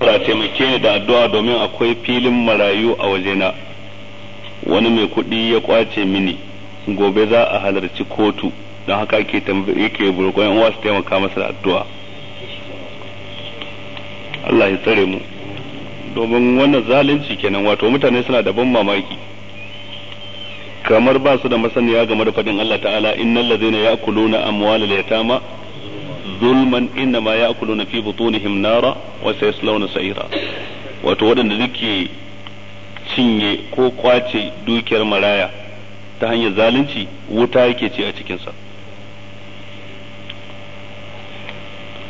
Allah taimake ni da addu'a domin akwai filin marayu a wajena wani mai kuɗi ya kwace mini gobe za a halarci kotu don haka ake yake burkon yan uwa taimaka masa da addu'a Allah ya tsare mu domin wannan zalunci kenan wato mutane suna da ban mamaki kamar ba su da masaniya game da faɗin Allah ta'ala innal ladzina ya'kuluna amwalal yatama zulman innama ya'kuluna fi butunihim nara wa sayaslawna sa'ira wato waɗanda suke cinye ko kwace dukiyar maraya ta hanyar zalunci wuta yake ci a cikinsa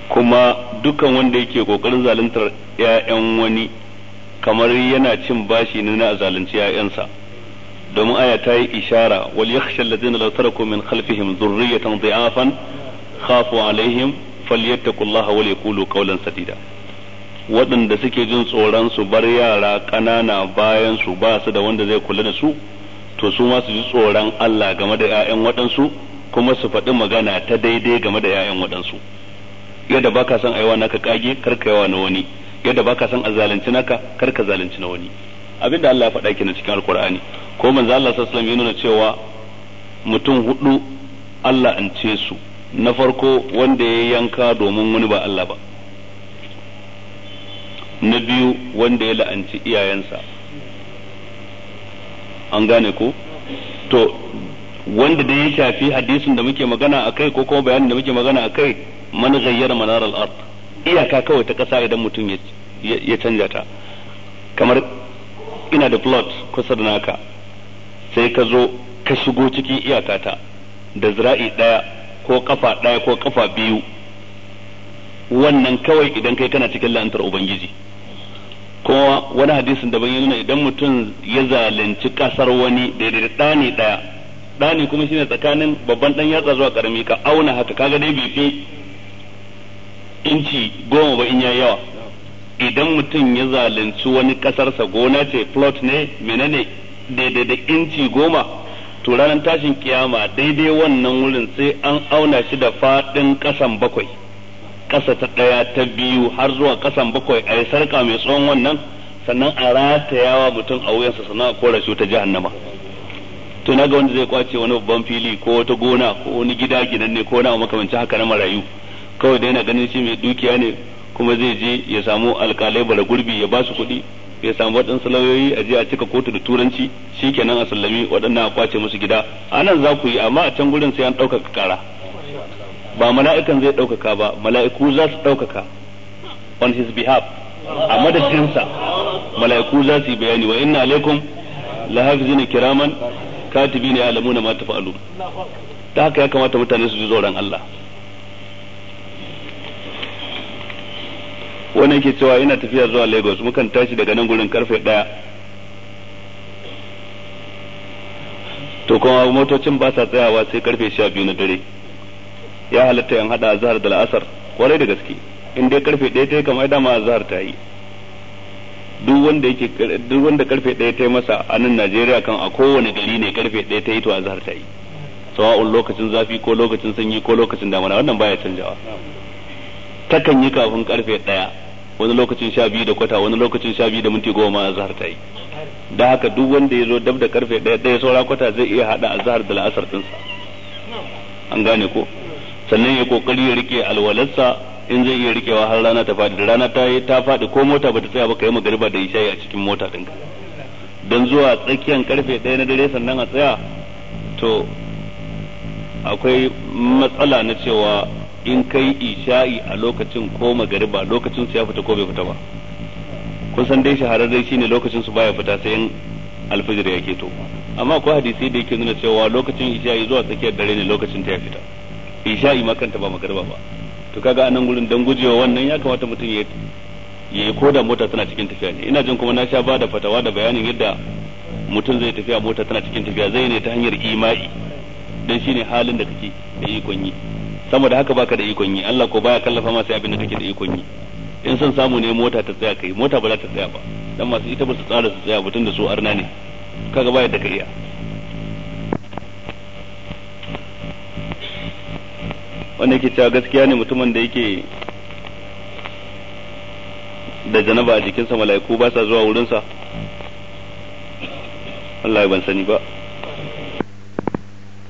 kuma dukan wanda yake kokarin zaluntar 'ya'yan wani kamar yana cin bashi ne na zalunci 'ya'yansa domin aya ta yi ishara wal yakhsha alladhina law taraku min khalfihim dhurriyatan dha'afan khafu alaihim falyattaqullaha wa yaqulu qawlan sadida waɗanda suke jin tsoron su bar yara ƙanana bayan su ba su da wanda zai kula da su to su ma su ji tsoron Allah game da 'ya'yan waɗansu kuma su faɗi magana ta daidai game da 'ya'yan waɗansu yadda baka san aiwa naka kage kar ka yawa na wani yadda baka san azalunci naka kar ka zalunci na wani abinda Allah ya faɗa kenan cikin alkur'ani ko manzo Allah sallallahu alaihi wasallam ya nuna cewa mutum hudu Allah an ce su na farko wanda ya yanka domin wani ba Allah ba na biyu wanda ya la'anci iyayensa an gane ko to wanda da ya shafi hadisin da muke magana a kai ko kuma bayanin da muke magana a kai mana zayyar manar al'ar iyaka kawai ta kasa idan mutum ya canja ta kamar ina da plot kusa da naka sai ka zo ka shigo cikin iyakata da zira'i ɗaya. ko kafa ɗaya ko kafa biyu wannan kawai idan kai kana cikin la'antar ubangiji kuma wani hadisin daban ya nuna idan mutum ya zalunci kasar wani daidai ɗani ɗaya ɗani kuma shine tsakanin babban ɗan yatsa zuwa ƙarami ka auna haka kaga dai bai fi inci goma ba in ya yawa idan mutum ya zalunci wani kasarsa gona ce plot ne menene daidai da inci goma to ranar tashin kiyama daidai wannan wurin sai an auna shi da faɗin ƙasan bakwai ƙasa ta ɗaya ta biyu har zuwa ƙasan bakwai a yi sarƙa mai tsawon wannan sannan a ratayawa mutum a wuyansa sannan a kora shi ta jahannama to naga ga wanda zai kwace wani babban fili ko wata gona ko wani gida ne ko na makamancin haka na marayu kawai da yana ganin shi mai dukiya ne kuma zai je ya samu alƙalai bara gurbi ya ba su kuɗi ya samu waɗansu lauyoyi a je a cika kotu da turanci shikenan a sallami waɗannan a kwace musu gida anan za ku yi amma a can gurin sai an ɗaukaka ƙara ba mala'ikan zai ɗaukaka ba mala'iku za su ɗaukaka on his behalf a madadinsa mala'iku za su yi bayani wa inna alaikum hafizina kiraman katibina na ma tafa'alun ta haka ya kamata mutane su ji tsoron Allah wani yake cewa ina tafiya zuwa lagos mukan tashi daga nan gurin karfe daya to kuma motocin ba sa tsayawa sai karfe sha biyu na dare ya halatta yan hada azhar da la'asar kwarai da gaske in dai karfe daya ta yi kamar dama azhar ta yi duk wanda karfe daya ta yi masa a nan najeriya kan a kowane gari ne karfe daya ta yi to azhar ta yi sawa'un lokacin zafi ko lokacin sanyi ko lokacin damana wannan baya canjawa takan yi kafin karfe ɗaya wani lokacin sha biyu da kwata wani lokacin sha biyu da minti goma azhar ta yi da haka duk wanda ya zo dab da karfe ɗaya ɗaya saura kwata zai iya haɗa azhar da la'asar ɗinsa an gane ko sannan ya kokari ya rike alwalarsa in zai iya rikewa har rana ta faɗi rana ta yi ta faɗi ko mota bata tsaya ba kai magariba da isha'i a cikin mota ɗinka don zuwa tsakiyar karfe ɗaya na dare sannan a tsaya to akwai matsala na cewa in kai isha'i a lokacin ko magariba lokacin su ya fita ko bai fita ba kun san dai shahararre shine lokacin su baya fita sai in alfajir ya keto amma ko hadisi da yake nuna cewa lokacin isha'i zuwa tsakiyar dare ne lokacin ta ya fita isha'i ma kanta ba magariba ba to kaga anan gurin dan gujewa wannan ya kamata mutum ya yi ko mota tana cikin tafiya ne ina jin kuma na sha ba da fatawa da bayanin yadda mutum zai tafiya mota tana cikin tafiya zai ne ta hanyar imai dan shine halin da kake da ikon yi saboda da haka baka da ikon yi Allah ko baya kallafa ma sai abin da kake da ikon yi in son samu ne mota ta tsaya kai mota ba za ta tsaya ba dan masu ita ba su tsara su tsaya tun da su arna ne kaga baya da ka iya wanda yake cewa gaskiya ne mutumin da yake da janaba a jikinsa mala'iku ba sa zuwa wurinsa Allah ban sani ba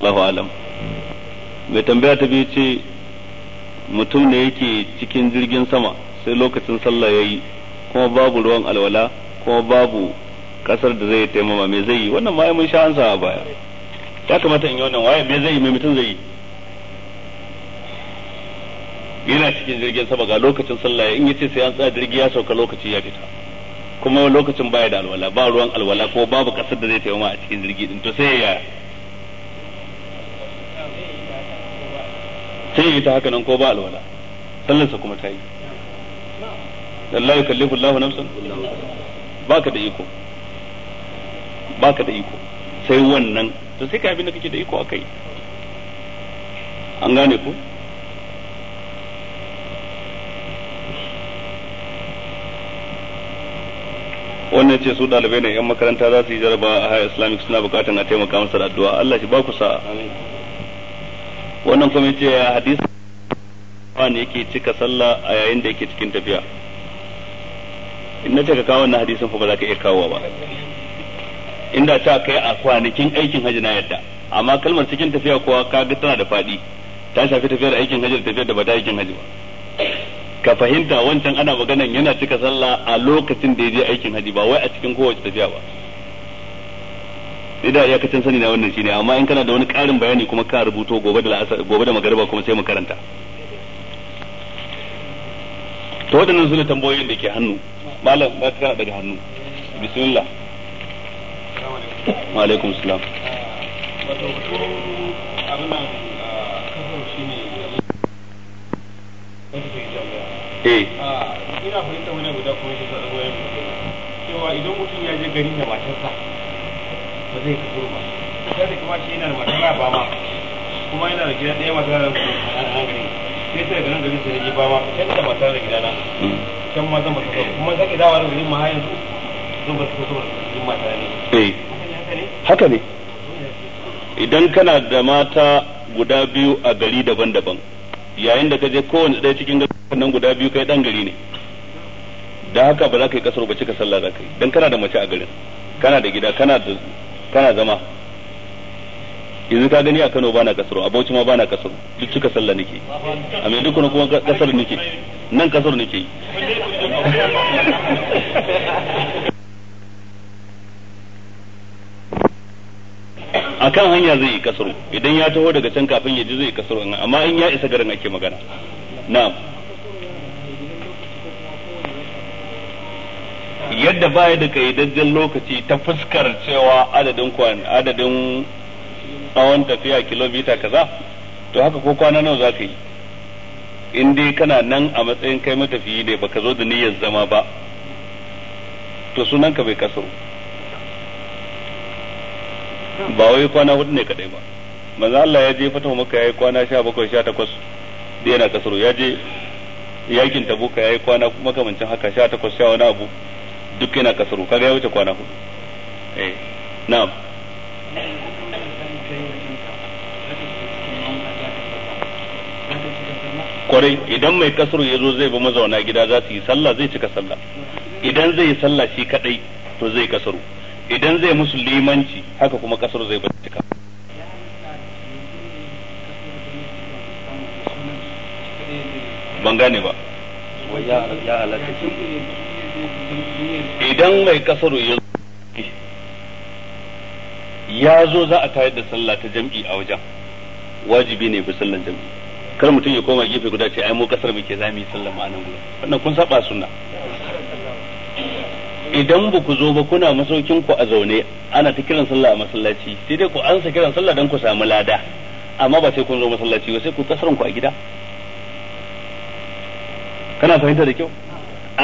Allahu alam mai tambaya ta biyu ce mutum da yake cikin jirgin sama sai lokacin sallah ya yi kuma babu ruwan alwala kuma babu kasar da zai taimama mai zai yi wannan ma mun sha sa a baya ya kamata in yi wannan waye mai zai yi mai mutum zai yi yana cikin jirgin sama ga lokacin sallah in yace sai an tsaya jirgi ya sauka lokaci ya fita kuma lokacin baya da alwala ba ruwan alwala ko babu kasar da zai taimama a cikin jirgi din to sai ya sai ya yi ta haka nan ko ba alwala sallarsa kuma ta yi lallahi kallifu Allah nafsan ka da iko ba ka da iko sai wannan to sai ka abin da kake da iko akai an gane ku wannan ce su dalibai ne yan makaranta za su yi jaraba a high islamic suna bukatan a taimaka masa da addu'a Allah shi ba ku sa'a wannan kuma yace hadisi wani yake cika sallah a yayin da yake cikin tafiya in na ka kawo wannan hadisin fa ba za ka iya kawo ba inda ta kai a kwanakin aikin hajji na yadda amma kalmar cikin tafiya kuwa kaga tana da faɗi ta shafi tafiyar aikin hajji da tafiyar da ba ta aikin hajji ba ka fahimta wancan ana maganan yana cika sallah a lokacin da ya je aikin hajji ba wai a cikin kowace tafiya ba sai eh, da iyakacin sani na wannan shine amma in kana da wani ƙarin bayani kuma ka rubuto gobe da gobe da magariba kuma sai mu karanta to waɗannan su tambayoyin da ke hannu malam ba ka daga hannu bismillah wa alaikum salam eh. ah, ina fahimta wani guda kuma shi sa cewa idan mutum ya je gari da matarsa ba zai ba sai kuma shi yana ba ma kuma yana da gida ɗaya hankali sai sai gari sai ji ba ma da mata da gida can ma zan ba ta kuma dawa da gari ma yanzu zan ba ta mata ne haka ne idan kana da mata guda biyu a gari daban-daban yayin da ka je kowane ɗaya cikin nan guda biyu kai ɗan gari ne da haka ba za ka yi kasar ba cika sallah za ka yi don kana da mace a garin kana da gida kana da kana zama yanzu ka gani a Kano bana kasaro a Bauchi ma bana kasaro duk cika sallah nake a dukkan kuma kasar nake nan kasar nake a kan hanya zai yi kasaro idan ya taho daga can kafin ya ji zai yi kasaro amma in ya isa garin ake magana na'am yadda baya da kaidajjen lokaci ta fuskar cewa adadin kwan adadin tsawon tafiya kilomita kaza to haka ko kwana nawa za ka yi in dai kana nan a matsayin kai matafiyi ne baka zo da niyyar zama ba to sunan ka bai kasaro ba wai kwana hudu ne kadai ba manzo Allah ya je fatawa maka yayi kwana 17 18 da yana kasaro ya je yakin tabuka yayi kwana makamancin haka 18 sha wani abu duk yana kasaro kaga ya wuce kwana hudu eh na'am kwarai idan mai kasaru ya zo zai bi mazauna gida za su yi sallah zai cika sallah idan zai yi sallah shi kadai to zai kasaru idan zai musu limanci haka kuma kasaru zai bar cika ban gane ba ya halatta idan mai kasar ya ya zo za a tayar da sallah ta jam'i a wajen wajibi ne bi sallan jam'i kar mutum ya koma gefe guda ce ai mu kasar muke za mu yi sallah ma nan gudan wannan kun saba sunna idan ba ku zo ba kuna masaukin ku a zaune ana ta kiran sallah a masallaci sai dai ku ansa kiran sallah dan ku samu lada amma ba sai kun zo masallaci ba sai ku kasarun ku a gida kana fahimta da kyau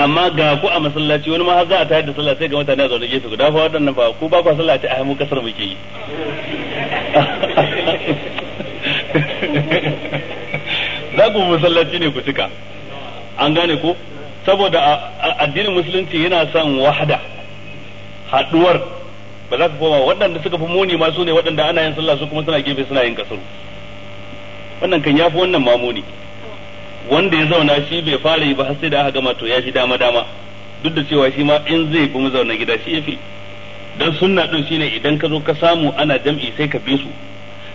amma ga ku a masallaci wani ma har za a tayar da sallah sai ga mutane a zaune gefe guda fa waɗannan ba ku ba ku sallah ta mu kasar muke yi za ku masallaci ne ku cika an gane ko saboda addinin musulunci yana son wahada haduwar ba za ka koma waɗanda suka fi muni ma su ne waɗanda ana yin sallah su kuma suna gefe suna yin kasaru wannan kan yafi wannan mamuni wanda ya zauna shi bai fara yi ba har sai da aka gama to ya shi dama dama duk da cewa shi ma in zai bi zauna gida shi ya fi dan sunna din shine idan ka zo ka samu ana jam'i sai ka bi su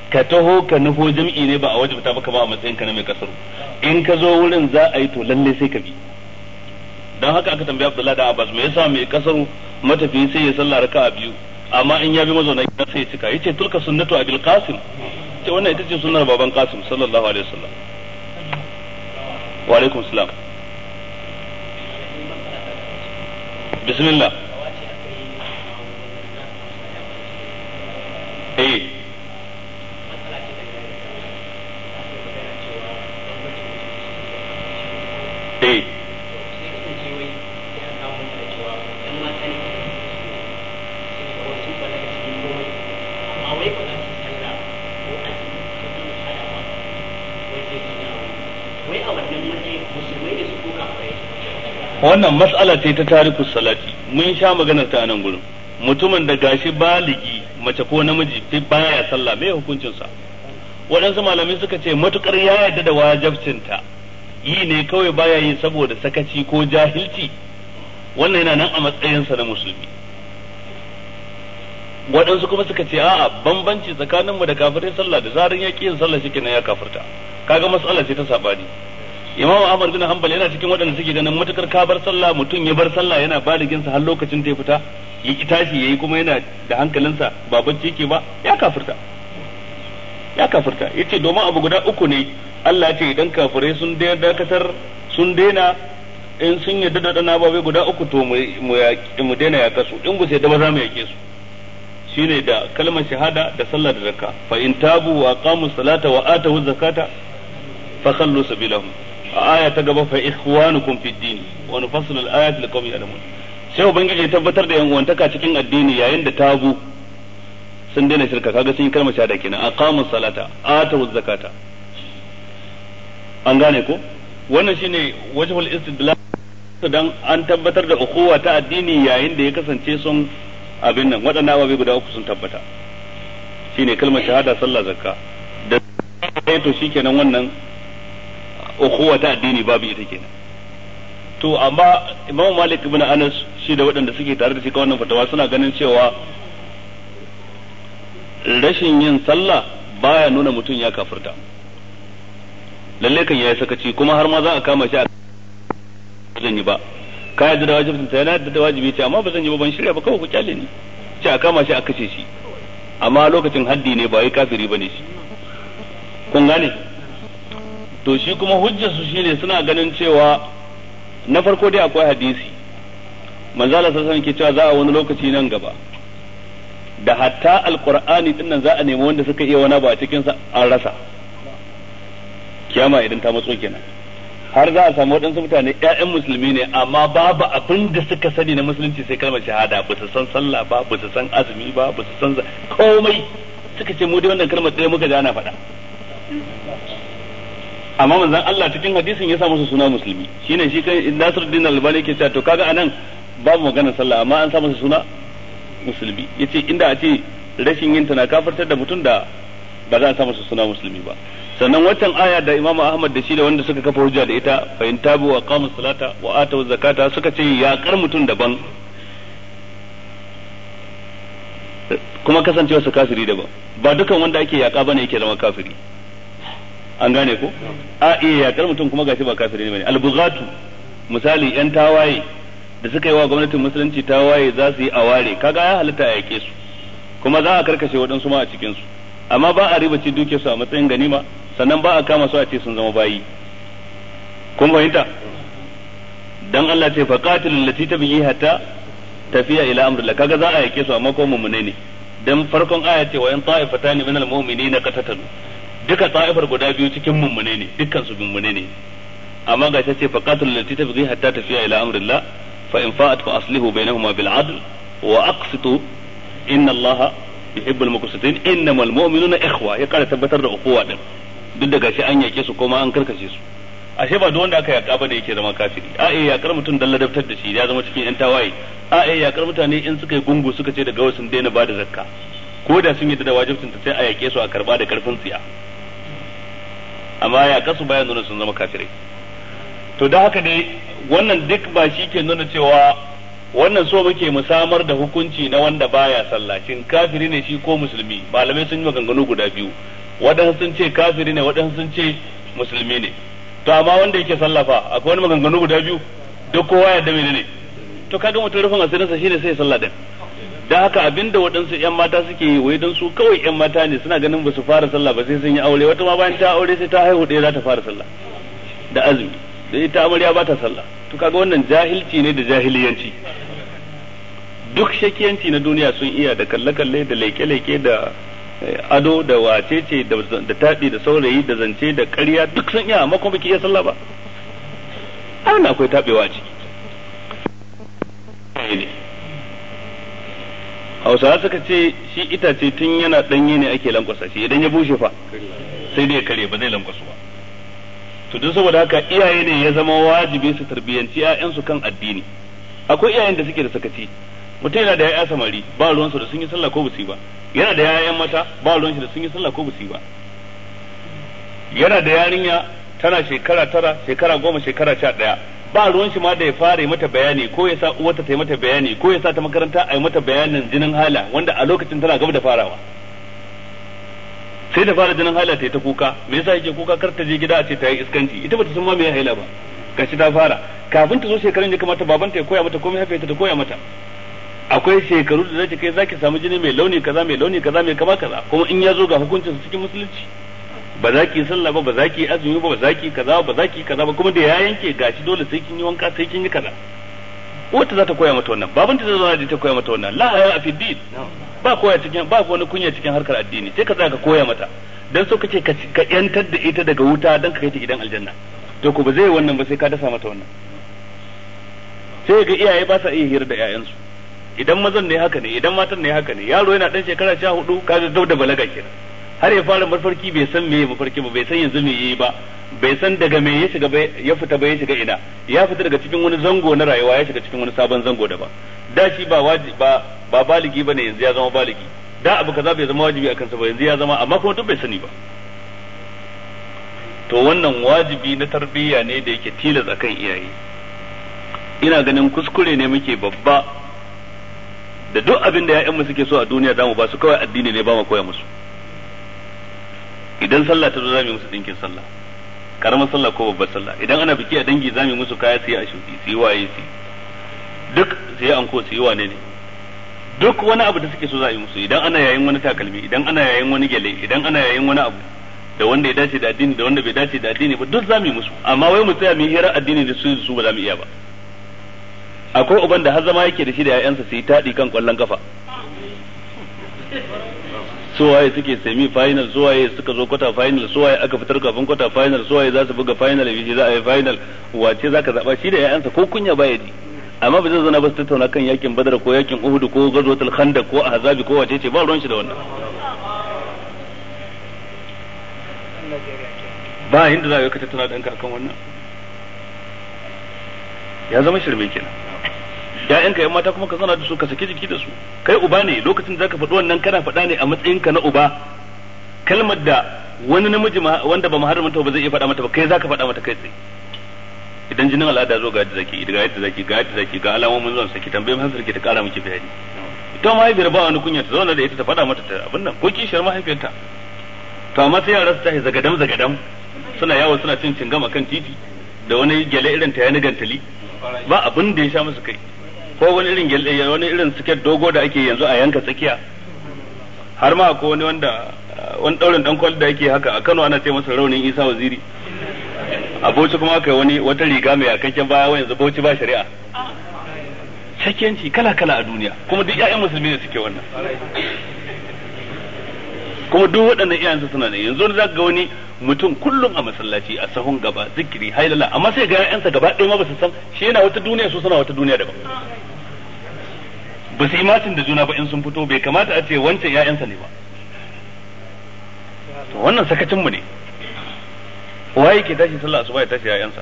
ka taho ka nufo jam'i ne ba a waje ba ka ba a matsayin ka na mai kasaru in ka zo wurin za a yi to lalle sai ka bi dan haka aka tambaya Abdullahi da Abbas me yasa mai kasaru matafi sai ya sallar raka'a biyu amma in ya bi mazauna gida sai ya cika yace tulka sunnatu abil qasim ce wannan ita ce sunnar baban qasim sallallahu alaihi wasallam wa alaikum salam wannan mas'ala ce ta tarikus salati mun sha maganar ta nan gurin mutumin da gashi baligi mace ko namiji baya sallah me hukuncin sa waɗansu malamai suka ce matukar ya yarda da wajabcinta yi ne kawai baya yi saboda sakaci ko jahilci wannan yana nan a matsayinsa na musulmi waɗansu kuma suka ce a'a bambanci tsakaninmu da kafirin sallah da zarin ya ƙi yin sallah shi ya kafirta kaga matsala ce ta saɓani imamu ahmad bin hanbal yana cikin waɗanda suke ganin matukar ka bar sallah mutum ya bar sallah yana baliginsa har lokacin da ya fita ya ki tashi yayi kuma yana da hankalinsa ba bacci ke ba ya kafirta ya kafirta yace domin abu guda uku ne Allah ya ce idan kafirai sun dakatar sun daina in sun yarda da dana babe guda uku to mu daina ya kasu in ba sai da ba za mu yake su shine da kalmar shahada da sallah da zakka fa in tabu wa qamu salata wa atu zakata fa khallu sabilahum aya ta gaba fa ikhwanukum fid din wa nufassilu al-ayati liqaumin ya'lamun sai ubangiji tabbatar da yan cikin addini yayin da tabu sun daina shirka kaga sun yi kalmar shahada kenan aqamu salata atu zakata an gane ko wannan shine wajhul istidlal dan an tabbatar da ukhuwa ta addini yayin da ya kasance sun abin nan waɗannan ababe guda uku sun tabbata shine kalmar shahada sallah zakka da to shikenan wannan ukhuwa ta addini babu ita kenan to amma Imam Malik ibn Anas shi da waɗanda suke tare da shi kawai wannan fatawa suna ganin cewa rashin yin sallah baya nuna mutum ya kafirta lalle kan yayi sakaci kuma har ma za a kama shi a zan yi ba ka yadda da wajibin ta yana da wajibi ce amma ba zan yi ba ban shirya ba kawai ku kyale ni ce a kama shi a kace shi amma lokacin haddi ne ba wai kafiri bane shi kun gane to shi kuma hujjarsu shine suna ganin cewa na farko dai akwai hadisi manzala sassan ke cewa za a wani lokaci nan gaba da hatta alqur'ani din nan za a nemi wanda suka iya wani ba a cikin sa an rasa kiyama idan ta matso kenan har za a samu waɗansu mutane ƴaƴan musulmi ne amma babu abin da suka sani na musulunci sai kalmar shahada ba su san sallah ba ba su san azumi ba ba su san komai suka ce mu dai wannan kalmar ɗaya muka ji ana faɗa amma manzon Allah cikin hadisin ya sa musu suna musulmi shine shi kan Nasiruddin Albani ke cewa to kaga anan babu magana sallah amma an sa musu suna musulmi yace inda a ce rashin yin ta na kafartar da mutum da ba za a sa musu suna musulmi ba sannan watan aya da Imam Ahmad da shi da wanda suka kafa hujja da ita fa in tabu wa qamu salata wa atu zakata suka ce ya kar mutum daban kuma kasancewa su kafiri daban ba dukan wanda ake yaka bane yake zama kafiri an gane ko a iya eh, yakar mutum kuma gashi ba kafiri ne bane albugatu misali yan tawaye da suka yi wa gwamnatin musulunci tawaye za su yi aware kaga ya halitta a yake su kuma za a karkashe waɗansu ma a cikin su amma ba a ribaci duke su a matsayin ganima sannan ba a kama su a ce sun zama bayi kun fahimta dan Allah ce qatil lati tabihi hatta tafiya ila amrillah kaga za a yake su amma ko mumune ne dan farkon aya ce wa in ta'ifatan min almu'minina qatatalu duka ta'ifar guda biyu cikin mummune ne dukkan su mummune ne amma ga ta ce faqatul lati tabghi hatta tafiya ila amrillah fa in fa'at fa aslihu bainahuma bil adl wa aqsitu inna allaha yuhibbul muqsitin innamal mu'minuna ikhwa ya kara tabbatar da ukuwa din duk da gashi an yake su kuma an karkace su ashe ba duk wanda aka yaka ba da yake zama kafiri a eh kar mutum dalla daftar da shi ya zama cikin yan tawaye a eh kar mutane in suka yi gungu suka ce daga wasu daina ba da zakka ko da sun yi da wajibcin ta sai a yake su a karba da karfin tsiya amma ya kasu bayan nuna sun zama kafirai to da haka dai wannan duk ba shi ke nuna cewa wannan so muke mu samar da hukunci na wanda baya sallah shin kafiri ne shi ko musulmi malamai sun yi maganganu guda biyu waɗansu sun ce kafiri ne waɗansu sun ce musulmi ne to amma wanda yake sallah fa akwai wani maganganu guda biyu duk kowa ya da ne to kaga mutum rufin asirinsa shine sai sallah din da haka abinda waɗansu yan mata suke yi wai don su kawai yan mata ne suna ganin ba su fara sallah ba sai sun yi aure wata ma bayan ta aure sai ta haihu ɗaya za ta fara sallah da azumi da ita amarya ba ta sallah to kaga wannan jahilci ne da jahiliyanci duk shakiyanci na duniya sun iya da kalle-kalle da leke-leke da eh, ado da wacece da taɗi da saurayi da zance da ƙarya duk sun iya amma kuma baki iya sallah ba ai akwai taɓewa ciki hausawa suka ce shi itace tun yana ɗanye ne ake lankwasa shi idan ya bushe fa sai dai ya kare ba zai lankwasu ba to don saboda haka iyaye ne ya zama wajibi su tarbiyyanci 'ya'yansu kan addini akwai iyayen da suke da sakaci mutum yana da ya'ya samari ba su da sun yi sallah ko busi ba yana da ƴaƴan mata ba ruwan shi da sun yi sallah ko busi ba yana da yarinya tana shekara tara shekara goma shekara sha ɗaya ba ruwan shi ma da ya fara mata bayani ko ya sa uwarta ta yi mata bayani ko ya sa ta makaranta a yi mata bayanin jinin hala wanda a lokacin tana gaba da farawa sai ta fara jinin hala ta yi ta kuka me yasa yake kuka kar ta je gida a ce ta yi iskanci ita bata san ma me ya haila ba gashi ta fara kafin ta zo shekarun da kamata babanta ya koya mata komai haifa ta koya mata akwai shekaru da zaki kai zaki samu jini mai launi kaza mai launi kaza mai kama kaza kuma in ya zo ga hukuncin cikin musulunci ba za ki sallah ba ba za ki azumi ba ba za ki kaza ba za ki kaza ba kuma da ya yanke gashi dole sai kin yi wanka sai kin yi kaza wata za ta koya mata wannan baban ta zama ta koya mata wannan la haya fi din ba koya cikin ba wani kunya cikin harkar addini sai ka za ka koya mata dan so kace ka yantar da ita daga wuta dan ka kai ta gidan aljanna to ko ba zai yi wannan ba sai ka dasa mata wannan sai ga iyaye ba sa iya hira da su idan mazan ne haka ne idan matan ne haka ne yaro yana dan shekara 14 zo da balaga kenan har ya fara mafarki bai san me mafarki ba bai san yanzu me yi ba bai san daga me ya shiga ya fita ba ya shiga ina ya fita daga cikin wani zango na rayuwa ya shiga cikin wani sabon zango da ba da shi ba wajibi ba ba baligi bane yanzu ya zama baligi da abu kaza bai zama wajibi akan sa ba yanzu ya zama amma kuma duk bai sani ba to wannan wajibi na tarbiyya ne da yake tilas akan iyaye ina ganin kuskure ne muke babba da duk abin da 'ya'yanmu suke so a duniya zamu ba su kawai addini ne ba mu koya musu idan sallah ta zo za mu yi musu dinkin sallah karamar sallah ko babbar sallah idan ana biki a dangi za mu yi musu kaya su yi a shuɗi su yi waye su duk su yi anko su yi wane ne duk wani abu da suke so za a yi musu idan ana yayin wani takalmi idan ana yayin wani gele idan ana yayin wani abu da wanda ya dace da addini da wanda bai dace da addini ba duk za mu yi musu amma wai mu tsaya mu hira addini da su su ba za mu iya ba akwai uban da har zama yake da shi da 'ya'yansa su yi taɗi kan ƙwallon kafa suwaye suke semi final suwaye suka zo kwata final suwaye aka fitar kafin kwata final suwaye za su buga final yaushe za a yi final wace za ka zaɓa shi da ya'yansa ko kunya ba ya ji amma ba zai zana ba su tattauna kan yakin badar ko yakin uhudu ko gazo khandaq ko azabi ko wace ce ba ruwan shi da wannan ba hindu za ka tattauna ɗanka kan wannan ya zama shirme kenan ya'yanka yan mata kuma ka zauna da su ka saki jiki da su kai uba ne lokacin da zaka faɗi wannan kana faɗa ne a matsayinka na uba kalmar da wani namiji wanda ba muharramin ta ba zai iya faɗa mata ba kai zaka faɗa mata kai tsaye idan jinin al'ada zo ga yadda zaki ga yadda zaki ga yadda zaki ga alamomin zuwan saki tambaye mai sarki ta kara miki bayani ita mahaifiyar ba wani kunya ta zauna da ita ta faɗa mata ta abin nan ko kishiyar mahaifiyarta to amma sai yara su tashi zagadam zagadam suna yawo suna cin cingama kan titi da wani gyale irin ta ya gantali ba abin da ya sha musu kai ko wani irin eh, wani irin siket dogo da ake yanzu a yanka tsakiya har ma ko wani wanda eh, wani daurin dan kwal da ake haka a Kano ana ce masa raunin Isa Waziri a Bauchi kuma kai wani wata riga mai akakken baya wani yanzu Bauchi ba shari'a Cakiyanci kala kala a duniya kuma duk ƴaƴan musulmi ne suke wannan kuma duk waɗannan iyayensu suna ne yanzu za ga wani mutum kullum a masallaci a sahun gaba zikiri hailala amma sai ga ƴaƴansa gaba ɗaya ma ba su san shi yana wata duniya su suna wata duniya daban ba su yi matin da juna ba in sun fito bai kamata a ce wancan 'ya'yansa ne ba to wannan sakacinmu ne waye ke tashi sallah asuba ya tashi 'ya'yansa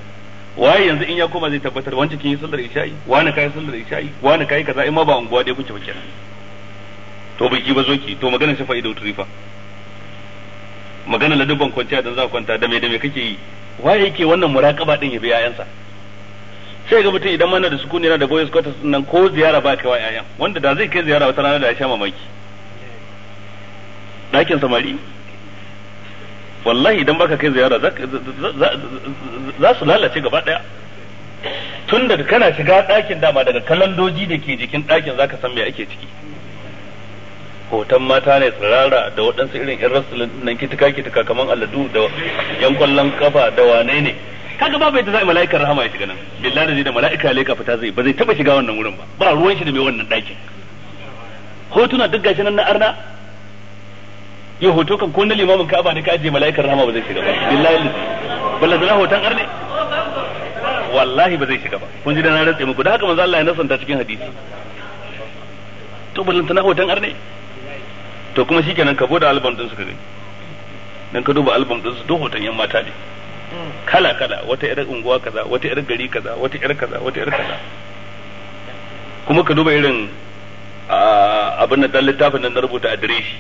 waye yanzu in ya koma zai tabbatar wancan kin yi sallar isha'i wani kai sallar isha'i wani kai kaza in ma ba unguwa dai kuke ba kenan to ki ba ki to maganar shafa ido turifa maganar ladubban kwanciya dan za kwanta da me da me kake yi waye yake wannan muraqaba din ya bi 'ya'yansa. sai ga mutum idan mana da sukuni yana da boys quarters nan ko ziyara ba kai wa yayan wanda da zai kai ziyara wata rana da ya sha mamaki ɗakin samari wallahi idan baka kai ziyara za su lalace gaba daya tun daga kana shiga ɗakin dama daga kalandoji da ke jikin ɗakin zaka san me ake ciki hoton mata ne tsirara da waɗansu irin yan rasulun nan kitika kitika kamar aladu da yan kwallon kafa da wane ne kaga ba yadda za a mala'ikar rahama ya shiga nan billahi da mala'ika leka fita zai ba zai taba shiga wannan wurin ba ba ruwan shi da mai wannan ɗakin hotuna duk gashi nan na arna ya hoto kan ko na limamin ka'aba ne ka ajiye mala'ikar rahama ba zai shiga ba billahi ballazana hoton arne wallahi ba zai shiga ba kun ji da na rantsa muku da haka manzo Allah ya nasanta cikin hadisi to ballantana hoton arne to kuma shikenan ka bude albam din suka gani dan ka duba albam din su duk hoton yan mata ne kala kala wata irin unguwa kaza wata irin gari kaza wata irin kaza wata irin kaza kuma ka duba irin abin da littafin nan na rubuta adireshi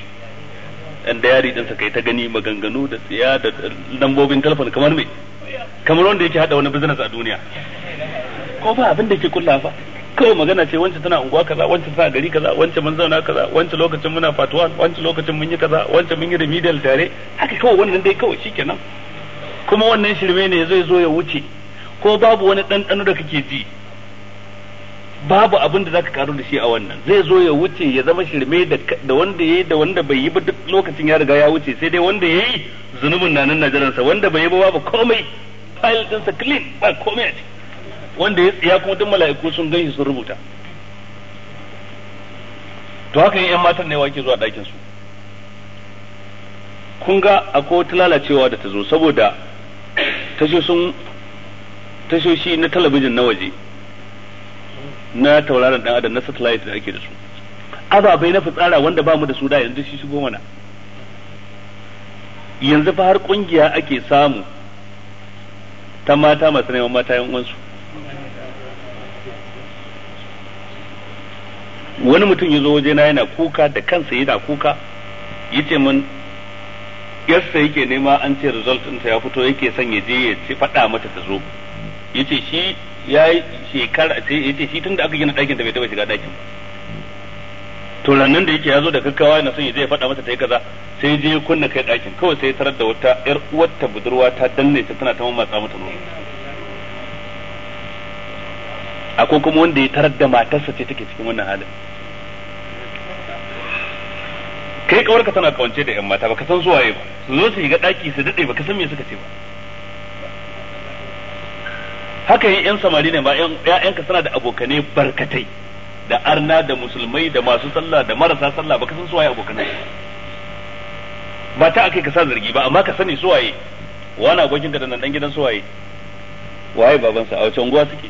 dan dayari din sa kai ta gani maganganu da tsiya da lambobin telefon kamar me kamar wanda yake hada wani business a duniya ko ba abin da yake kulla fa kawai magana ce wancan tana unguwa kaza wancan tana gari kaza wancan mun zauna kaza wancan lokacin muna fatuwa wancan lokacin mun yi kaza wancan mun yi remedial tare haka kawai wannan dai kawai shikenan kuma wannan shirme ne zai zo ya wuce ko babu wani ɗanɗano da kake ji babu abin da zaka karu da shi a wannan zai zo ya wuce ya zama shirme da wanda yayi da wanda bai yi ba duk lokacin ya riga ya wuce sai dai wanda yayi zunubin na nan najaransa wanda bai yi ba babu komai file dinsa clean ba komai a wanda ya tsaya kuma duk mala'iku sun gan shi sun rubuta to haka yan matan ne wake zuwa ɗakin su kun ga akwai wata lalacewa da ta zo saboda tashoshi na talabijin na waje na tauraron dan adam na satellite da ake da su ababai na fitsara wanda ba mu da su da yanzu shi shigo mana yanzu fa har kungiya ake samu ta mata masu neman mata yan uwansu wani mutum ya zo waje na yana kuka da kansa yana kuka yace min gasta yake nema an ce result ɗinta ya fito yake son ya je ya ce faɗa mata ta zo yace shi ya shekara ce yace shi tunda aka gina ɗakin da bai taɓa shiga ɗakin to rannan da yake ya zo da kakkawa yana son ya je ya faɗa mata ta yi kaza sai je kunna kai ɗakin kawai sai ya tarar da wata ƴar uwarta budurwa ta danne ta tana ta mamatsa mata nono akwai kuma wanda ya tarar da matarsa ce take cikin wannan halin kai kawarka tana kawance da yan mata baka san su ba su zo su shiga daki su dade baka san me suka ce ba haka yin yan samari ne ba ƴaƴanka suna da abokane barkatai da arna da musulmai da masu sallah da marasa sallah baka san suwaye abokanai ba ta akai ka sa zargi ba amma ka sani suwaye waye wani abokin ka da nan dan gidan suwaye. waye waye babansa a wace unguwa suke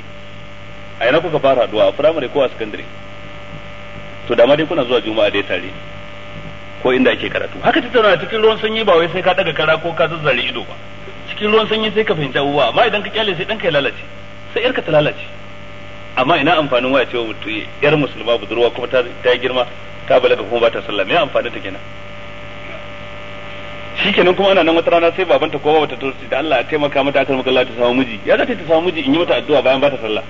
a ina kuka fara haduwa a firamare ko a sakandare to da ma dai kuna zuwa juma'a dai tare ko inda ake karatu haka ta zauna cikin ruwan sanyi ba wai sai ka daga kara ko ka zazzare ido ba cikin ruwan sanyi sai ka fahimci abubuwa amma idan ka kyale sai ɗanka ya lalace sai yarka ta lalace amma ina amfanin waya cewa mutu yar musulma budurwa kuma ta girma ta balaga kuma ba ta sallah me amfani ta kenan shikenan kuma ana nan wata rana sai babanta ko babata to da Allah ya taimaka mata akan maka Allah ta samu miji ya zata ta samu miji in yi mata addu'a bayan ba ta sallah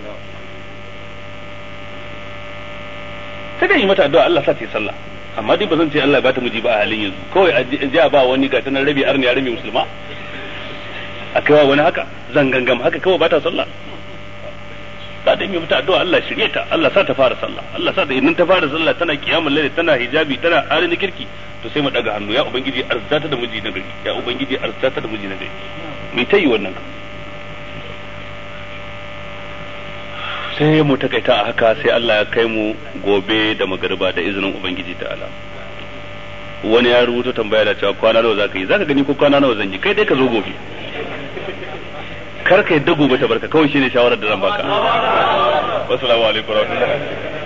sai dai yi mata addu'a Allah sa ta yi sallah amma dai ba zan ce Allah ba ta miji ba a halin yanzu kawai a jiya ba wani ga tanar rabi arni ya rabi musulma a kawai wani haka zangangam haka kawai ba ta sallah ta dai mai mata addu'a Allah shirye ta Allah sa ta fara sallah Allah sa da idan ta fara sallah tana kiyamul laili tana hijabi tana arin kirki to sai mu daga hannu ya ubangiji arzata da miji na gari ya ubangiji arzata da miji na gari mai tayi wannan sai mu takaita a haka sai Allah ya kai mu gobe da magariba da izinin ubangiji ta'ala wani ya rubuta tambaya da cewa kwana nawa zaka yi zaka gani ko kwana nawa zan yi kai dai ka zo gobe kar ka yadda gobe ta barka kawai shine shawarar da zan baka assalamu alaikum warahmatullahi